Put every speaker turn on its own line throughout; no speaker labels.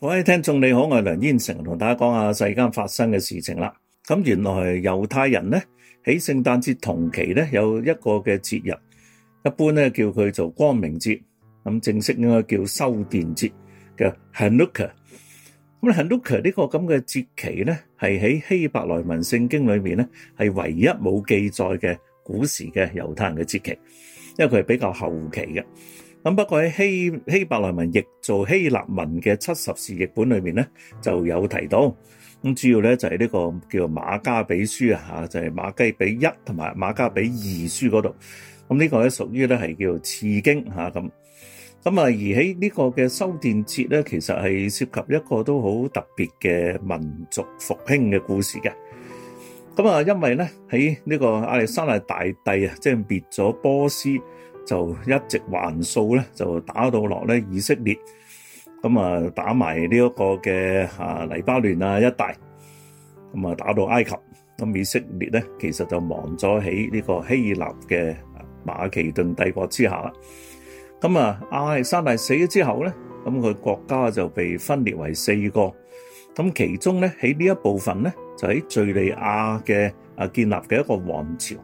各位聽眾你好，我係梁燕成，同大家講下世間發生嘅事情啦。咁原來猶太人咧喺聖誕節同期咧有一個嘅節日，一般咧叫佢做光明節，咁正式應該叫修殿節嘅 Hanukkah。咁咧 Hanukkah 呢個咁嘅節期咧，係喺希伯來文聖經裏面咧係唯一冇記載嘅古時嘅猶太人嘅節期，因為佢係比較後期嘅。咁不過喺希希伯來文譯做希臘文嘅七十士譯本裏面咧，就有提到，咁主要咧就係呢個叫做馬加比書啊吓，就係、是、馬加比一同埋馬加比二書嗰度。咁呢個咧屬於咧係叫做次經吓咁。咁啊而喺呢個嘅修殿節咧，其實係涉及一個都好特別嘅民族復興嘅故事嘅。咁啊因為咧喺呢個亞歷山大大帝啊，即係滅咗波斯。就一直還掃橫掃咧，就打到落咧以色列，咁啊打埋呢一個嘅啊黎巴嫩啊一帶，咁啊打到埃及，咁以色列咧其實就亡咗喺呢個希臘嘅馬其頓帝國之下啦。咁啊亞歷山大死咗之後咧，咁佢國家就被分裂為四個，咁其中咧喺呢一部分咧就喺敘利亞嘅啊建立嘅一個王朝，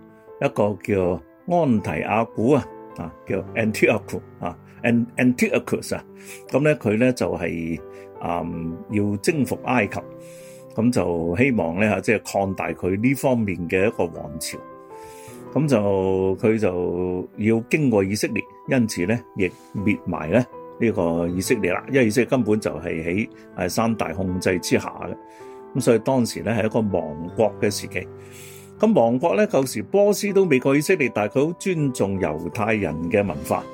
一個叫安提阿古啊。啊，叫 Antiochus 啊，Ant Antiochus 啊，咁咧佢咧就係、是、啊、嗯、要征服埃及，咁、嗯、就希望咧吓即係擴大佢呢方面嘅一個王朝，咁、嗯、就佢就要經過以色列，因此咧亦滅埋咧呢、這個以色列啦，因為以色列根本就係喺三大控制之下嘅，咁、嗯、所以當時咧係一個亡國嘅時期。咁亡國咧，舊時波斯都未過以色列，但係佢好尊重猶太人嘅文化。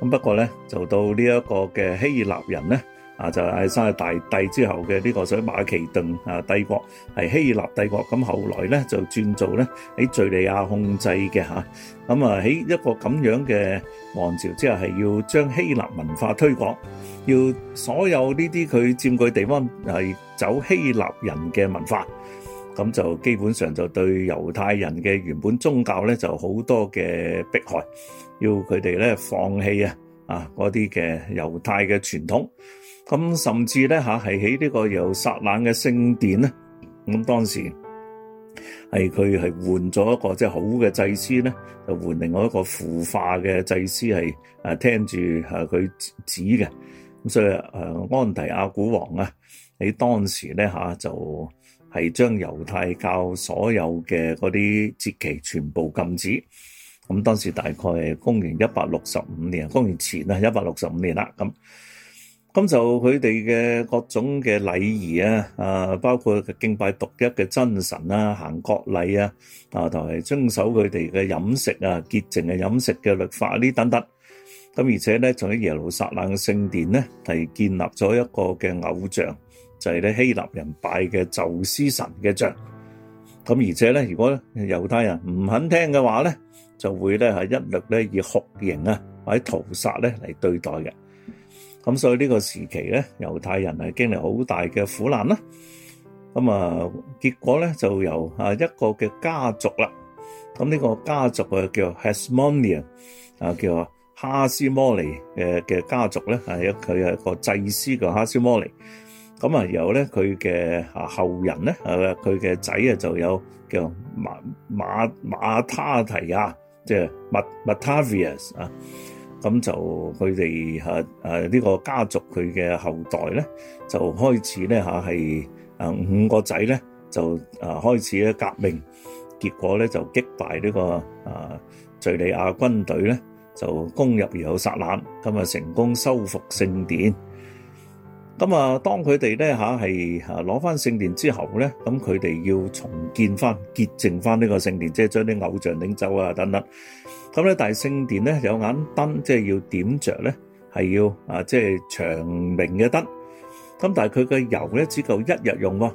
咁不過咧，就到呢一個嘅希臘人咧，啊就亞歷山大大帝之後嘅呢個所謂馬其頓啊帝國係希臘帝國。咁後來咧就轉做咧喺敍利亞控制嘅嚇。咁啊喺一個咁樣嘅王朝之後，即係要將希臘文化推廣，要所有呢啲佢佔據地方係走希臘人嘅文化。咁就基本上就對猶太人嘅原本宗教咧就好多嘅迫害，要佢哋咧放棄啊啊嗰啲嘅猶太嘅傳統，咁甚至咧吓係喺呢、啊、個耶路撒冷嘅聖殿咧，咁當時係佢係換咗一個即係、就是、好嘅祭司咧，就換另外一個腐化嘅祭司係啊聽住佢指嘅，咁所以誒、啊、安提阿古王啊喺當時咧吓、啊、就。係將猶太教所有嘅嗰啲節期全部禁止。咁當時大概公元一百六十五年，公元前啊一百六十五年啦。咁咁就佢哋嘅各種嘅禮儀啊，啊包括敬拜獨一嘅真神啊、行國禮啊，啊同埋遵守佢哋嘅飲食啊、潔淨嘅飲食嘅律法呢等等。咁而且咧，仲喺耶路撒冷嘅聖殿咧係建立咗一個嘅偶像。就係咧希臘人拜嘅宙斯神嘅像，咁而且咧，如果猶太人唔肯聽嘅話咧，就會咧係一律咧以酷刑啊或者屠殺咧嚟對待嘅。咁所以呢個時期咧，猶太人係經歷好大嘅苦難啦。咁啊，結果咧就由啊一個嘅家族啦，咁呢個家族啊、這個、叫 Hasmonian 啊，叫哈斯摩尼嘅嘅家族咧係一佢係一個祭司叫哈斯摩尼。咁啊，然後咧，佢嘅後人咧，係咪佢嘅仔啊，就有叫馬馬馬他提亞，即係 Matmatavius 啊。咁就佢哋嚇誒呢個家族佢嘅後代咧，就開始咧嚇係啊五個仔咧就啊開始咧革命，結果咧就擊敗呢個啊敍利亞軍隊咧，就攻入耶路撒冷，咁啊成功收復聖殿。咁啊，當佢哋咧吓係吓攞翻聖殿之後咧，咁佢哋要重建翻潔淨翻呢個聖殿，即係將啲偶像拎走啊等等。咁咧，但係聖殿咧有眼燈，即係要點著咧，係要啊，即係長明嘅燈。咁但係佢嘅油咧只夠一日用喎。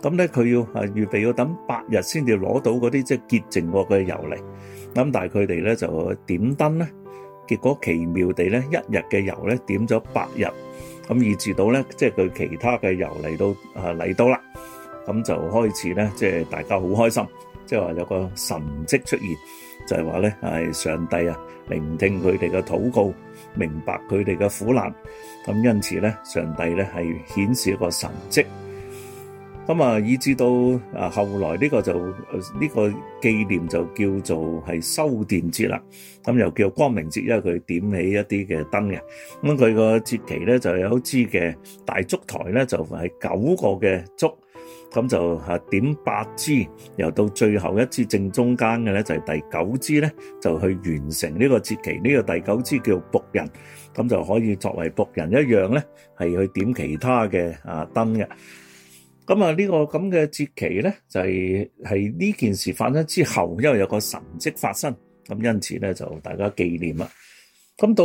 咁咧佢要啊預備要等八日先至攞到嗰啲即係潔淨過嘅油嚟。咁但係佢哋咧就點燈咧，結果奇妙地咧一日嘅油咧點咗八日。咁以至到咧，即係佢其他嘅遊嚟到啊嚟到啦，咁就開始咧，即係大家好開心，即係話有個神迹出現，就係話咧係上帝啊，聆聽佢哋嘅禱告，明白佢哋嘅苦難，咁因此咧，上帝咧係顯示一個神迹。咁啊，以至到啊，後來呢個就呢、這個紀念就叫做係修殿節啦。咁又叫光明節，因為佢點起一啲嘅燈嘅。咁佢個節期咧就有一支嘅大燭台咧，就係、是、九個嘅燭，咁就啊點八支，由到最後一支正中間嘅咧就係、是、第九支咧，就去完成呢個節期。呢、這個第九支叫僕人，咁就可以作為僕人一樣咧，係去點其他嘅啊燈嘅。咁啊，這個這呢個咁嘅節期咧，就係係呢件事發生之後，因為有個神迹發生，咁因此咧就大家紀念啦。咁到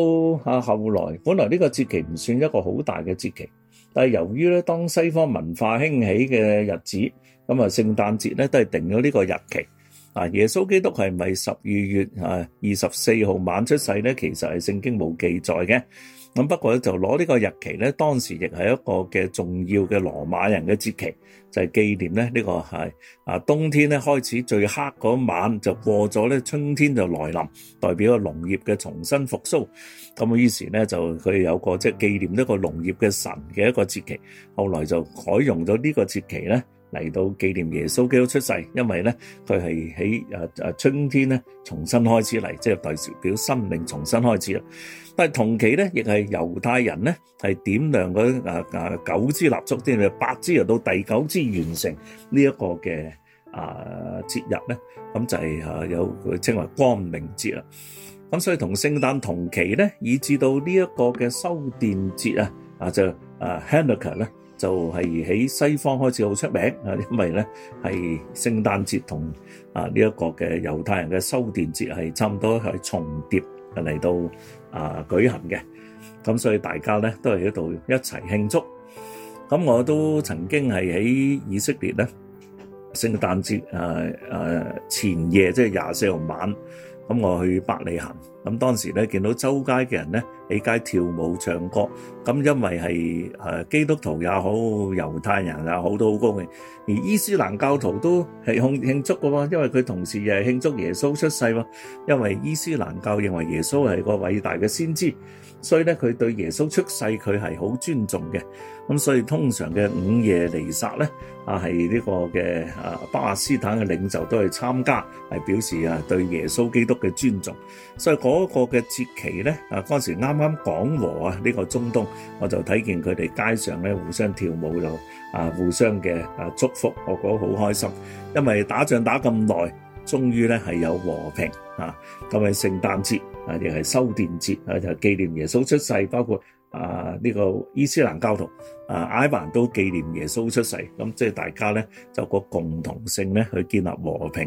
啊後來，本來呢個節期唔算一個好大嘅節期，但係由於咧當西方文化興起嘅日子，咁啊聖誕節咧都係定咗呢個日期。啊，耶穌基督係咪十二月啊二十四號晚出世咧？其實係聖經冇記載嘅。咁不過咧，就攞呢個日期咧，當時亦係一個嘅重要嘅羅馬人嘅節期，就係、是、紀念咧呢、這個係啊冬天咧開始最黑嗰晚就過咗咧，春天就來臨，代表個農業嘅重新復甦。咁啊，於是咧就佢有個即係紀念呢個農業嘅神嘅一個節、就是、期，後來就改用咗呢個節期咧嚟到紀念耶穌基督出世，因為咧佢係喺啊春天咧重新開始嚟，即、就、係、是、代表生命重新開始啦。但係同期咧，亦係猶太人咧係點亮嗰啲啊啊九支蠟燭添，八支又到第九支完成呢一個嘅啊節日咧，咁就係啊有佢稱為光明節啊。咁所以同聖誕同期咧，以至到呢一個嘅修殿節啊啊就啊 Hanukkah 咧，就係喺西方開始好出名啊，因為咧係聖誕節同啊呢一個嘅猶太人嘅修殿節係差唔多係重疊嚟到。啊！舉行嘅，咁所以大家咧都係喺度一齊慶祝。咁我都曾經係喺以色列咧聖誕節，誒、啊啊、前夜即係廿四號晚，咁我去百里行。咁當時咧，見到周街嘅人咧喺街跳舞唱歌，咁因為係誒基督徒也好，猶太人也好，都好也高興，而伊斯蘭教徒，都係慶慶祝嘅喎，因為佢同時又係慶祝耶穌出世，因為伊斯蘭教認為耶穌係個偉大嘅先知，所以咧，佢對耶穌出世佢係好尊重嘅。咁所以通常嘅午夜彌撒咧，啊係呢個嘅啊巴勒斯坦嘅領袖都係參加，係表示啊對耶穌基督嘅尊重，所以嗰個嘅節期咧，啊嗰陣時啱啱講和啊，呢個中東我就睇見佢哋街上咧互相跳舞就啊互相嘅啊祝福，我覺得好開心，因為打仗打咁耐，終於咧係有和平啊。咁啊，聖誕節啊亦係修殿節啊，就紀念耶穌出世，包括啊呢個伊斯蘭教徒啊埃及都紀念耶穌出世，咁即係大家咧就個共同性咧去建立和平。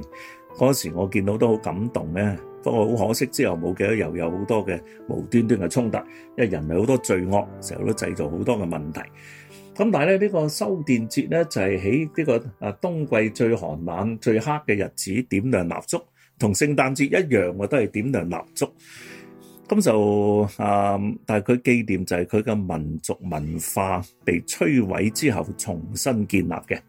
嗰時我見到都好感動咧，不過好可惜之後冇記得又有好多嘅無端端嘅衝突，因為人類好多罪惡成日都製造好多嘅問題。咁但係咧呢個修電節咧就係喺呢個啊冬季最寒冷最黑嘅日子點亮蠟燭，同聖誕節一樣我都係點亮蠟燭。咁就啊，但係佢紀念就係佢嘅民族文化被摧毀之後重新建立嘅。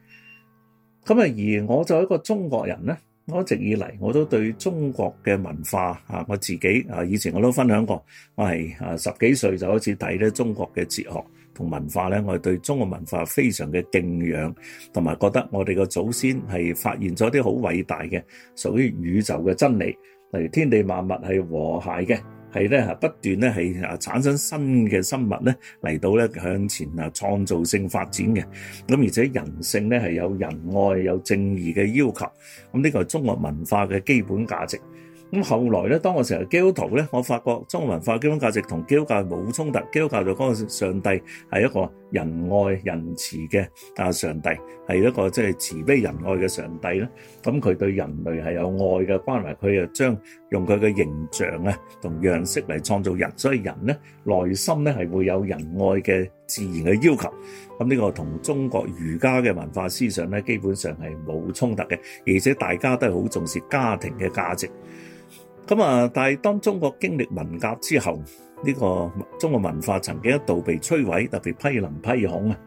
咁啊，而我就一個中國人咧。我一直以嚟我都對中國嘅文化嚇，我自己啊以前我都分享過，我係啊十幾歲就開始睇咧中國嘅哲學同文化咧，我係對中國文化非常嘅敬仰，同埋覺得我哋嘅祖先係發現咗啲好偉大嘅屬於宇宙嘅真理，例如天地萬物係和諧嘅。係咧嚇，不斷咧，係啊，產生新嘅生物咧，嚟到咧，向前啊創造性發展嘅。咁，而且人性咧，係有仁愛有正義嘅要求，咁，呢個係中國文化嘅基本價值。咁後來咧，當我成日基督徒咧，我發覺中國文化基本價值同基督教冇衝突。基督教就講上帝係一個仁愛仁慈嘅，啊上帝係一個即係慈悲仁愛嘅上帝咧，咁佢對人類係有愛嘅關懷，佢又將用佢嘅形象啊，同樣式嚟創造人，所以人呢，內心呢，係會有仁愛嘅自然嘅要求。咁、這、呢個同中國儒家嘅文化思想呢，基本上係冇衝突嘅，而且大家都係好重視家庭嘅價值。咁啊，但係當中國經歷文革之後，呢、這個中國文化曾經一度被摧毀，特別批林批孔啊。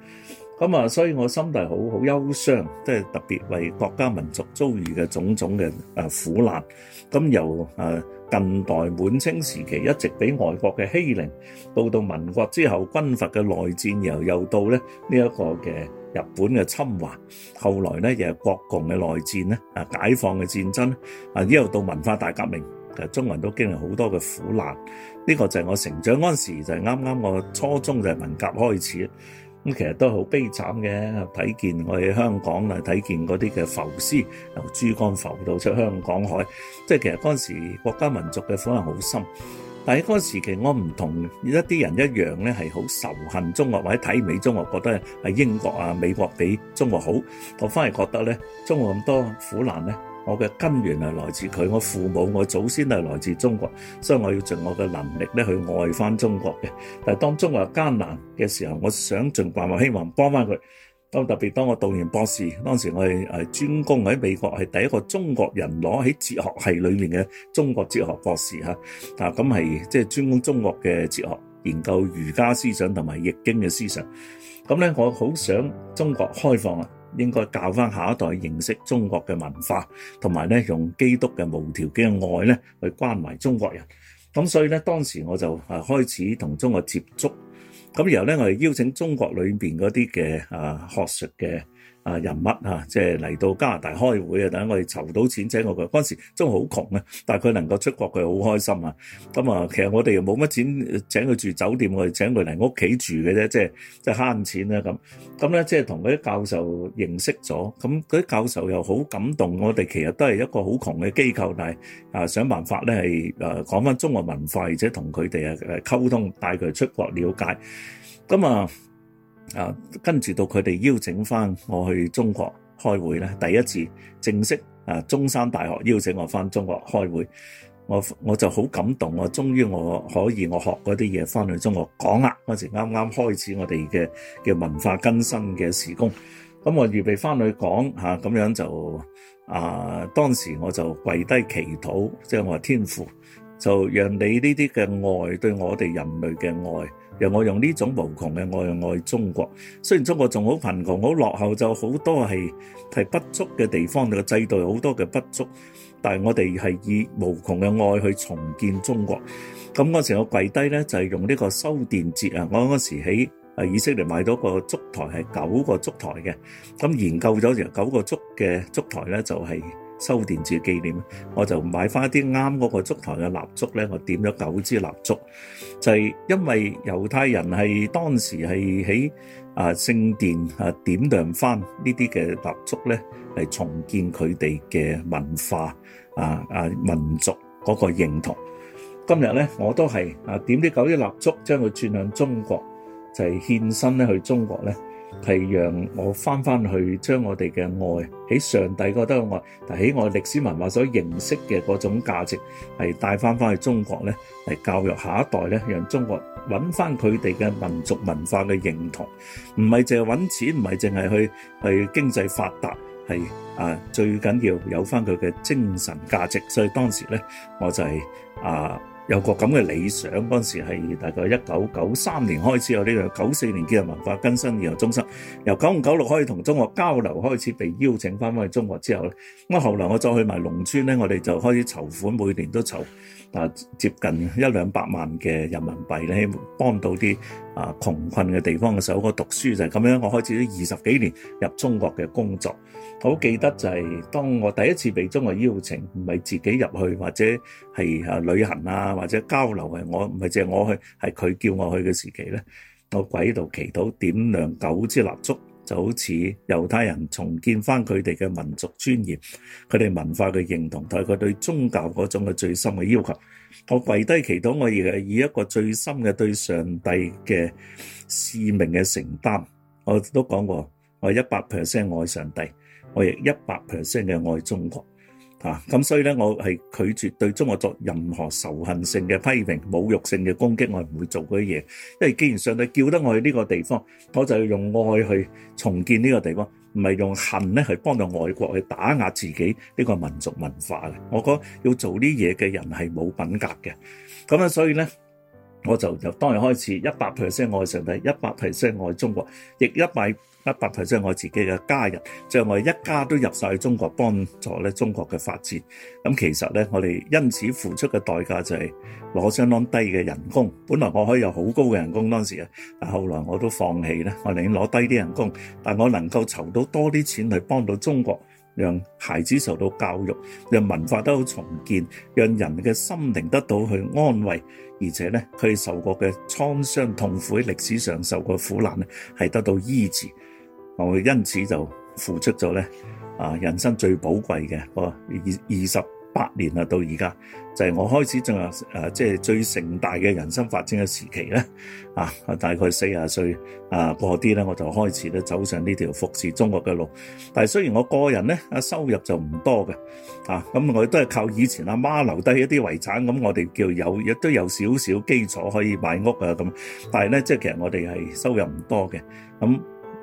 咁啊、嗯，所以我心底好好憂傷，即係特別為國家民族遭遇嘅種種嘅、啊、苦難。咁、嗯、由、啊、近代滿清時期一直俾外國嘅欺凌，到到民國之後軍閥嘅內戰，然後又到咧呢一、這個嘅日本嘅侵華，後來咧又係國共嘅內戰咧，啊解放嘅戰爭，啊之後到文化大革命，其、啊、中文都經歷好多嘅苦難。呢、這個就係我成長嗰陣時，就係啱啱我初中就係文革開始。咁其實都好悲慘嘅，睇見我哋香港啊，睇見嗰啲嘅浮屍由珠江浮到出香港海，即係其實嗰陣時國家民族嘅苦難好深。但係嗰個時期，我唔同一啲人一樣咧，係好仇恨中國或者睇美中國覺得係英國啊、美國比中國好。我反而覺得咧，中國咁多苦難咧。我嘅根源係來自佢，我父母、我祖先係來自中國，所以我要盡我嘅能力咧去愛翻中國嘅。但係當中國有艱難嘅時候，我想盡辦法希望幫翻佢。當特別當我讀完博士，當時我係誒專攻喺美國係第一個中國人攞起哲學系裏面嘅中國哲學博士嚇，嗱咁係即係專攻中國嘅哲學，研究儒家思想同埋易經嘅思想。咁咧，我好想中國開放啊！應該教翻下一代認識中國嘅文化，同埋咧用基督嘅無條件嘅愛咧去關懷中國人。咁所以咧當時我就啊開始同中國接觸，咁然後咧我哋邀請中國裏邊嗰啲嘅啊學術嘅。啊人物啊，即係嚟到加拿大開會啊，等我哋籌到錢請佢。嗰陣時真係好窮啊，但係佢能夠出國，佢係好開心啊。咁啊，其實我哋又冇乜錢請佢住酒店，我哋請佢嚟屋企住嘅啫，即係即係慳錢啦咁。咁咧即係同嗰啲教授認識咗，咁嗰啲教授又好感動。我哋其實都係一個好窮嘅機構，但係啊，想辦法咧係誒講返中國文化，而且同佢哋啊溝通，帶佢出國瞭解。咁啊～啊，跟住到佢哋邀請翻我去中國開會咧，第一次正式啊中山大學邀請我翻中國開會，我我就好感動，我終於我可以，我學嗰啲嘢翻去中國講啦。嗰陣啱啱開始我哋嘅嘅文化更新嘅時工，咁我預備翻去講嚇，咁樣就啊，當時我就跪低祈禱，即係我話天父。就讓你呢啲嘅愛對我哋人類嘅愛，讓我用呢種無窮嘅愛愛中國。雖然中國仲好貧窮、好落後，就好多係係不足嘅地方，你個制度有好多嘅不足，但係我哋係以無窮嘅愛去重建中國。咁嗰時我跪低咧，就係用呢個修殿節啊！我嗰時喺啊以色列買到個燭台係九個燭台嘅，咁研究咗成九個竹嘅燭台咧就係。修電子紀念，我就買翻一啲啱嗰個燭台嘅蠟燭咧，我點咗九支蠟燭，就係、是、因為猶太人係當時係喺啊聖殿啊點亮翻呢啲嘅蠟燭咧，係重建佢哋嘅文化啊啊，民族嗰個認同。今日咧我都係啊點啲九支蠟燭，將佢轉向中國，就係、是、獻身咧去中國咧。係讓我翻翻去將我哋嘅愛喺上帝嗰度嘅愛，但喺我歷史文化所認識嘅嗰種價值，係帶翻翻去中國咧，嚟教育下一代咧，讓中國揾翻佢哋嘅民族文化嘅認同，唔係淨係揾錢，唔係淨係去去經濟發達，係啊最緊要有翻佢嘅精神價值。所以當時咧，我就係、是、啊。有個咁嘅理想，嗰陣時係大概一九九三年開始有呢個九四年建立文化更新研究中心，由九五九六開始同中學交流，開始被邀請翻返去中學之後咧，咁啊後嚟我再去埋農村咧，我哋就開始籌款，每年都籌啊接近一兩百萬嘅人民幣咧，幫到啲。啊，窮困嘅地方嘅時候，我讀書就係咁樣，我開始咗二十幾年入中國嘅工作。好記得就係、是、當我第一次被中國邀請，唔係自己入去，或者係啊旅行啊，或者交流，係我唔係淨係我去，係佢叫我去嘅時期咧，我跪喺度祈禱，點亮九支蠟燭。就好似猶太人重建翻佢哋嘅民族尊嚴，佢哋文化嘅認同，同埋佢對宗教嗰種嘅最深嘅要求。我跪低祈禱，我亦係以一個最深嘅對上帝嘅使命嘅承擔。我都講過，我一百 percent 愛上帝，我亦一百 percent 嘅愛中國。啊！咁所以咧，我係拒絕對中國作任何仇恨性嘅批評、侮辱性嘅攻擊，我係唔會做嗰啲嘢。因為既然上帝叫得我去呢個地方，我就要用愛去重建呢個地方，唔係用恨咧去幫到外國去打壓自己呢個民族文化嘅。我覺得要做啲嘢嘅人係冇品格嘅。咁啊，所以咧，我就由當日開始，一百 percent 愛上帝，一百 percent 愛中國，亦一百。一百台即係我自己嘅家人，即係我一家都入晒去中國幫助咧中國嘅發展。咁其實咧，我哋因此付出嘅代價就係攞相當低嘅人工。本來我可以有好高嘅人工當時啊，但後來我都放棄咧，我寧願攞低啲人工，但我能夠籌到多啲錢去幫到中國，讓孩子受到教育，讓文化得到重建，讓人嘅心靈得到去安慰，而且咧佢受過嘅創傷、痛苦喺歷史上受過苦難咧係得到醫治。我會因此就付出咗咧，啊，人生最寶貴嘅，我二二十八年啦，到而家就係我開始進入，誒，即係最盛大嘅人生發展嘅時期咧，啊，大概四十歲啊，過啲咧，我就開始咧走上呢條服侍中國嘅路。但係雖然我個人咧，啊，收入就唔多嘅，啊，咁我亦都係靠以前阿媽留低一啲遺產，咁我哋叫有亦都有少少基礎可以買屋啊，咁，但係咧，即係其實我哋係收入唔多嘅，咁。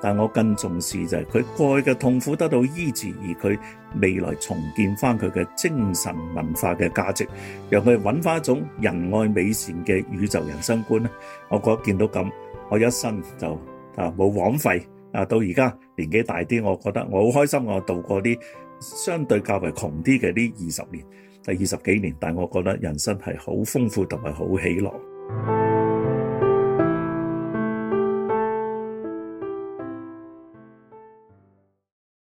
但我更重視就係佢過去嘅痛苦得到醫治，而佢未來重建翻佢嘅精神文化嘅價值，讓佢搵翻一種仁愛美善嘅宇宙人生觀咧。我覺得見到咁，我一生就啊冇枉費啊。到而家年紀大啲，我覺得我好開心，我度過啲相對較為窮啲嘅呢二十年、第二十幾年，但係我覺得人生係好豐富同埋好喜樂。